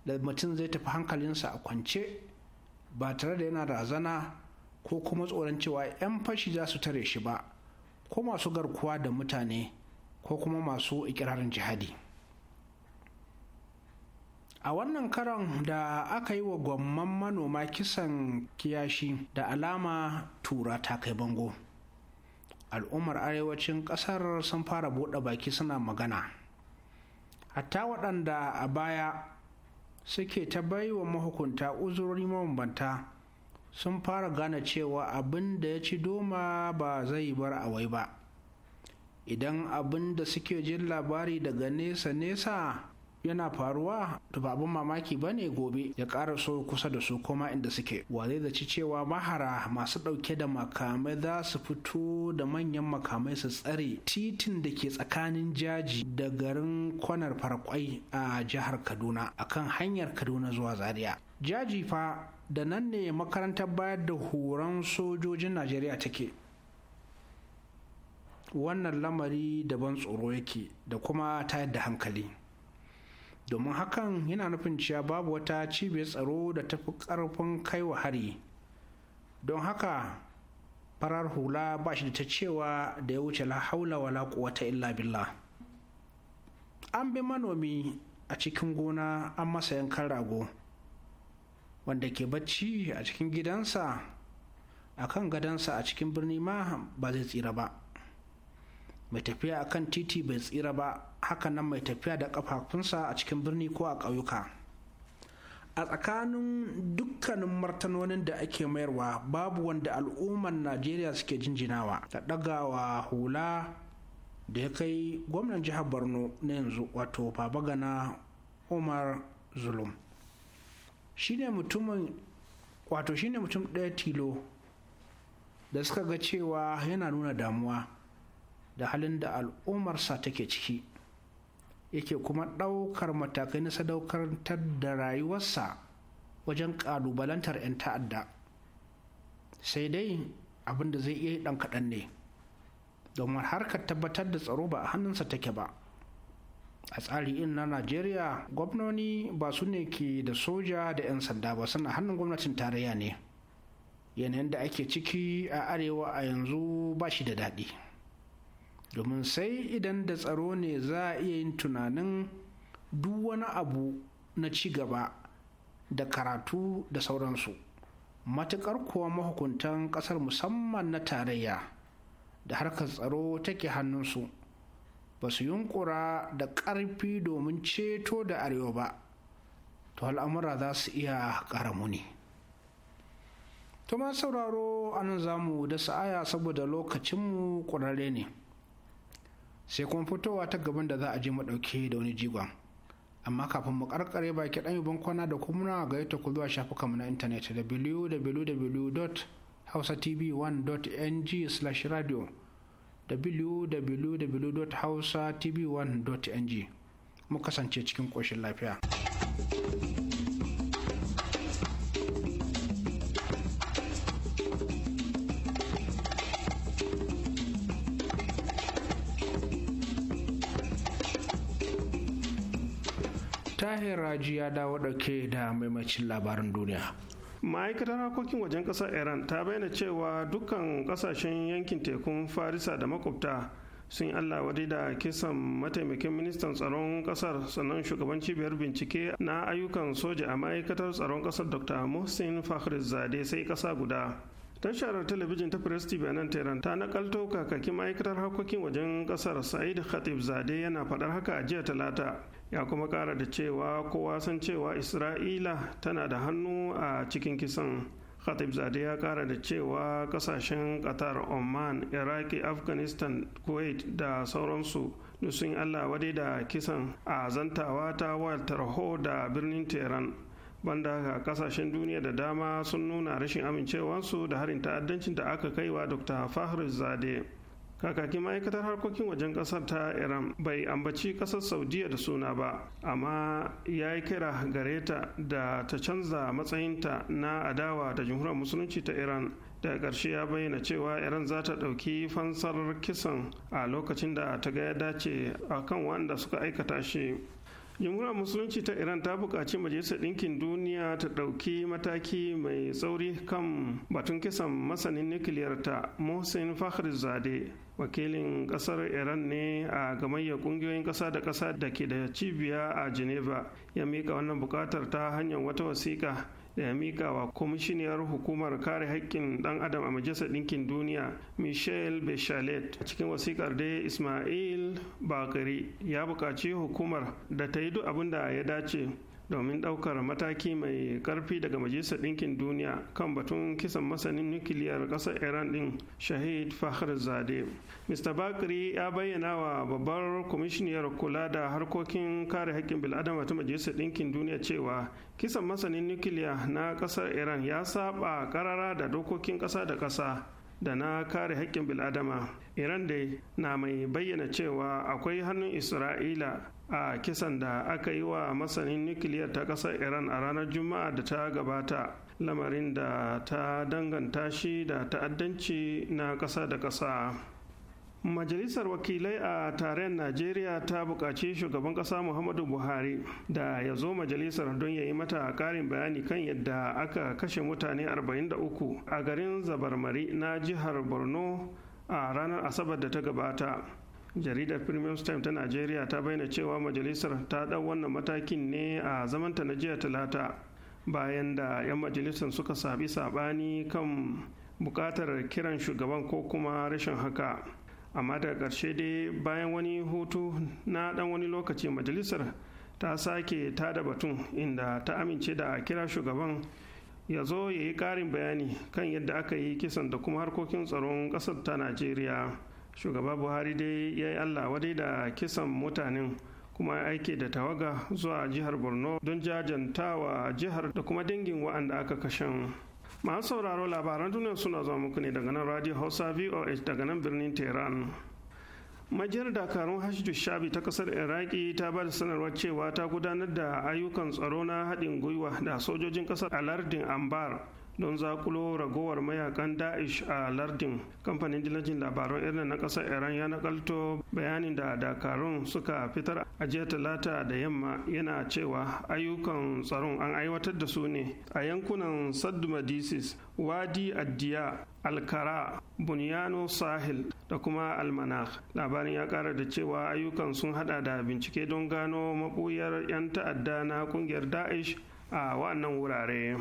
[SPEAKER 2] da mutum zai tafi hankalinsa a kwance ba tare da yana razana ko kuma tsoron cewa 'yan fashi za su tare shi ba ko masu garkuwa da mutane ko kuma masu ikirarin jihadi a wannan karon da aka yi wa gwamman manoma kisan kiyashi da alama tura ta kai bango al'ummar arewacin kasar sun fara buɗe baki suna magana hatta waɗanda a baya suke ta bai wa mahukunta uzurori mabambanta sun fara gane cewa abin da ya ci doma ba zai bar awai ba idan abin da suke jin labari daga nesa-nesa yana faruwa to ba mamaki ba ne gobe ya ƙara so kusa da su koma inda suke wa zai zaci cewa mahara masu ɗauke da makamai za su fito da manyan makamai su tsare titin da ke tsakanin jaji da garin kwanar farkwai a jihar kaduna akan hanyar kaduna zuwa zaria jaji fa da nan ne makarantar bayar da horon sojojin najeriya take wannan lamari daban tsoro yake da kuma tayar da hankali domin hakan yana nufin cewa babu wata cibiyar tsaro da ta fi karfin kaiwa hari don haka farar hula ba shi da ta cewa da ya wuce la haula wala quwwata illa billa. an bi manomi a cikin gona an masa yankan rago wanda ke bacci a cikin gidansa a kan gadansa a cikin birni ma ba zai tsira ba mai tafiya a kan titi bai tsira ba nan mai tafiya da kafafunsa a cikin birni ko a ƙauyuka a tsakanin dukkanin martanonin da ake mayarwa babu wanda al'ummar najeriya suke jinjinawa da ɗagawa hula da ya kai gwamnan jihar borno na yanzu wato babagana umar zulum shine mutumin wato shine mutum ɗaya tilo da suka ga cewa yana nuna damuwa da halin da al'ummarsa take ciki yake kuma ɗaukar matakai na sadaukantar da rayuwarsa wajen ƙalubalantar 'yan ta'adda sai dai abin da zai iya yi ɗan kaɗan ne domin harkar tabbatar da tsaro ba a hannunsa take ba a tsari in na najeriya gwamnoni ba su ne ke da soja da 'yan sanda ba suna hannun gwamnatin tarayya ne yanayin da ake ciki a arewa a yanzu ba shi da daɗi domin sai idan da tsaro ne za a iya yin tunanin duk wani abu na ci gaba da karatu da sauransu matuƙar kuwa mahukuntan ƙasar musamman na tarayya da harkar tsaro take hannunsu ba su yunkura da ƙarfi domin ceto da arewa ba to al'amura za su iya ƙara muni sauraro anan za mu da sa'aya saboda lokacinmu ƙwararre ne sai kuma fitowa ta gaban da za a je mu ɗauke da wani jigon amma kafin mu karkare baki ɗan yuban kwana da kuma ga yadda ku zuwa shafukanmu na intanet www.hausatv1.ng/radio www.hausatv1.ng mu kasance cikin ƙoshin lafiya.
[SPEAKER 4] tahir raji ya dawo ɗauke da maimacin labarin duniya ma'aikatar harkokin wajen ƙasar iran ta bayyana cewa dukkan ƙasashen yankin tekun farisa da makwabta sun allah wadai da kisan mataimakin ministan tsaron kasar sannan shugaban cibiyar bincike na ayyukan soja a ma'aikatar tsaron ƙasar dr mohsin Zade sai ƙasa guda tashar talabijin ta press tv nan tehran ta nakalto kakakin ma'aikatar harkokin wajen kasar sa'id khatib zade yana faɗar haka a jiya talata ya kuma kara da cewa kowa san cewa isra'ila tana da hannu a cikin kisan khatib zade ya kara da cewa kasashen qatar oman iraki afghanistan kuwait da sauransu sun allah wadai da kisan a zantawa ta wayar tarho da birnin tehran banda haka kasashen duniya da dama sun nuna rashin amincewarsu da harin ta'addancin da aka kaiwa dr fahru zade kakakin ma'aikatar harkokin wajen kasar ta iran bai ambaci kasar saudiya da suna ba amma ya yi kira gare ta da ta canza matsayinta na adawa da jamhuriyar musulunci ta iran da ƙarshe ya bayyana cewa iran za ta ɗauki fansar kisan a lokacin da ta ga dace a kan wanda suka aikata shi jamhuriyar musulunci ta iran ta buƙaci majalisar ɗinkin duniya ta ɗauki mataki mai tsauri kan batun kisan masanin nukiliyar ta mohsen fakhrizadeh wakilin kasar iran ne a gamayyar kungiyoyin kasa da kasa da ke da cibiya a geneva ya mika wannan bukatar ta hanyar wata wasiƙa da ya mika wa kwamishiniyar hukumar kare haƙƙin ɗan adam a majalisar ɗinkin duniya michelle bechalet cikin wasiƙar da ismail bakari ya buƙaci hukumar da ta yi duk abin da ya dace domin ɗaukar mataki mai ƙarfi daga majalisar ɗinkin duniya kan batun kisan masanin nukiliyar ƙasar iran ɗin shahid fahar zade mr bakri ya bayyana wa babbar kwamishiniyar kula da harkokin kare haƙƙin bil'adama ta majalisar ɗinkin duniya cewa kisan masanin nukiliya na ƙasar iran ya saba ƙarara da dokokin ƙasa da ƙasa da na kare haƙƙin bil'adama iran dai na mai bayyana cewa akwai hannun isra'ila a kisan da aka yi wa masanin nukiliyar ta ƙasar iran a ranar juma'a da ta gabata lamarin da ta danganta shi da ta'addanci na ƙasa da ƙasa majalisar wakilai a tarayyar najeriya ta buƙaci shugaban ƙasa muhammadu buhari da ya zo majalisar don ya yi mata ƙarin bayani kan yadda aka kashe mutane 43 a garin zabarmari na jihar borno a ranar asabar da ta gabata jaridar premium time ta najeriya ta bayyana cewa majalisar ta ɗau wannan matakin ne a zamanta na jiya talata bayan da 'yan majalisar suka sabi sabani kan bukatar kiran shugaban ko kuma rashin haka amma daga ƙarshe dai bayan wani hutu na ɗan wani lokaci majalisar ta sake ta da batun inda ta amince da a kira shugaban ya zo ya yi ƙarin bayani kan yadda aka yi kisan da kuma harkokin tsaron ƙasar ta najeriya shugaba buhari dai ya yi allah wadai da kisan mutanen kuma ya aike da tawaga zuwa jihar borno don jajantawa jihar da kuma dangin wa'anda aka kashe. masu sauraro labaran duniya suna zuwa muku ne daga nan radio hausa voh daga nan birnin tehran majiyar dakarun hashdu shabi ta kasar iraki ta ba da sanarwar cewa ta gudanar da ayyukan tsaro na haɗin gwiwa da sojojin kasar alardin ambar don zakulo ragowar mayakan daesh a lardin kamfanin dillacin labaran irin na kasar iran ya nakalto bayanin da dakarun suka fitar a jiya talata da yamma yana cewa ayyukan tsaron an aiwatar da su ne a yankunan Madisis, wadi addiya alkara bunyano sahil da kuma Almana. labarin ya kara da cewa ayyukan sun hada da bincike don gano maɓuyar 'yan ta'adda na kungiyar daesh a wannan wurare.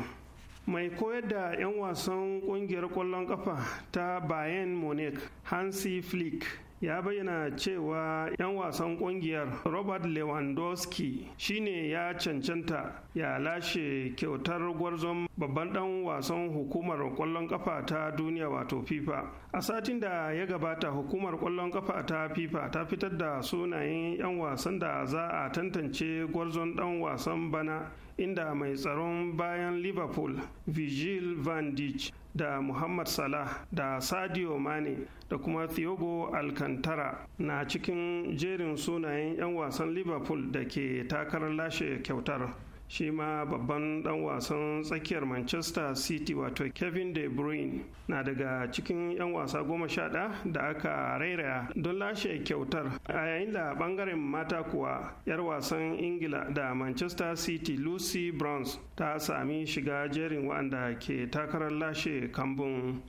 [SPEAKER 4] mai koyar da 'yan wasan kungiyar kwallon kafa ta bayan munich hansi flick ya bayyana cewa 'yan wasan kungiyar robert lewandowski shine ya cancanta ya lashe kyautar gwarzon babban dan wasan hukumar kwallon kafa ta duniya wato fifa a satin da ya gabata hukumar kwallon kafa ta fifa ta fitar da sunayen 'yan wasan da za a tantance gwarzon dan wasan bana inda mai tsaron bayan liverpool vigil van dijk da Muhammad Salah da Sadio Mane da kuma Thiago Alcantara na cikin jerin sunayen 'yan wasan Liverpool da ke takarar lashe kyautar. shi ma babban dan wasan tsakiyar manchester city wato kevin de bruyne na daga cikin 'yan wasa goma sha da aka rairaya don lashe kyautar a yayin da bangaren mata kuwa 'yar wasan ingila da manchester city lucy bronze ta sami shiga jerin waɗanda ke takarar lashe kambun.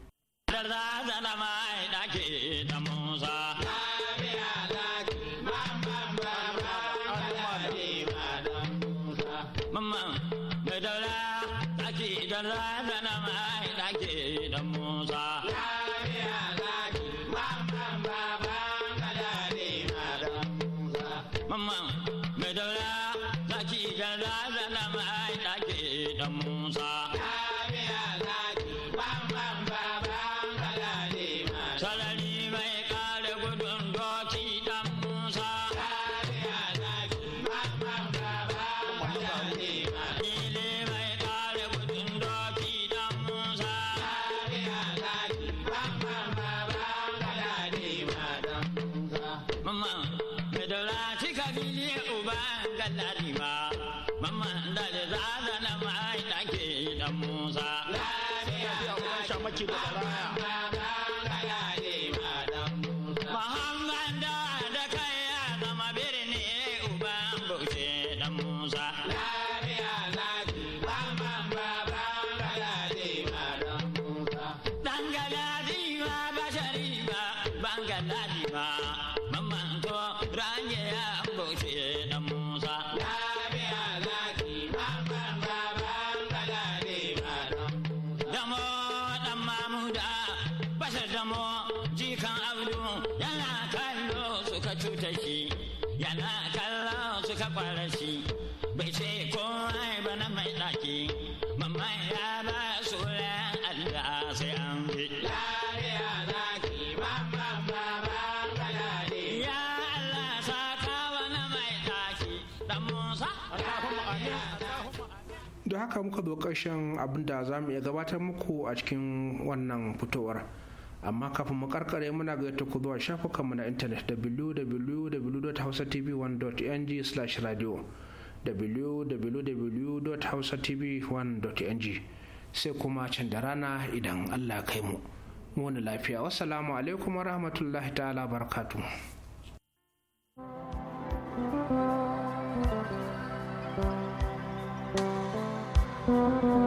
[SPEAKER 2] muka zo ƙarshen abin da za mu iya gabatar muku a cikin wannan fitowar amma kafin mu karkare muna ga yadda ku zuwa shafukanmu na intanet www.hausatv1.ng/radio www.hausatv1.ng sai kuma can da rana idan Allah kai mu. wani lafiya. wasu alaikum wa rahmatullahi ta'ala barakatuhu.
[SPEAKER 8] Thank you.